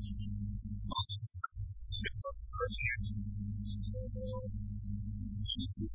Jesus is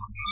Mama.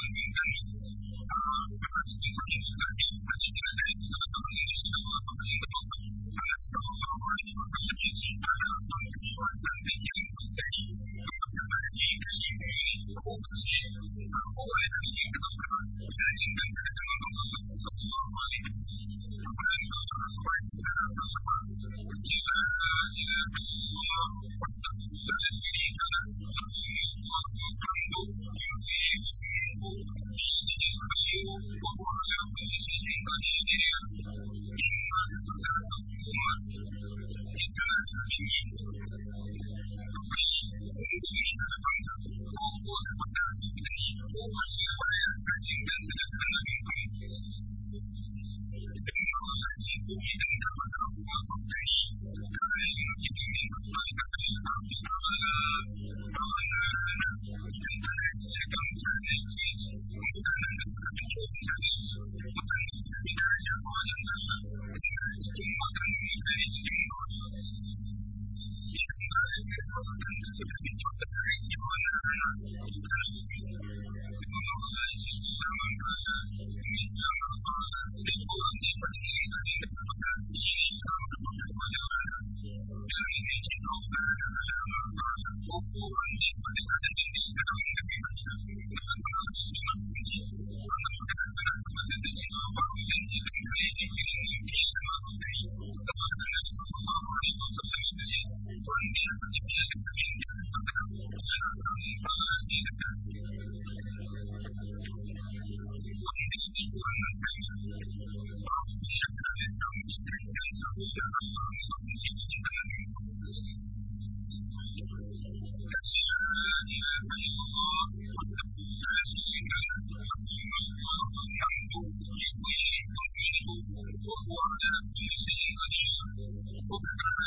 woman.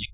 El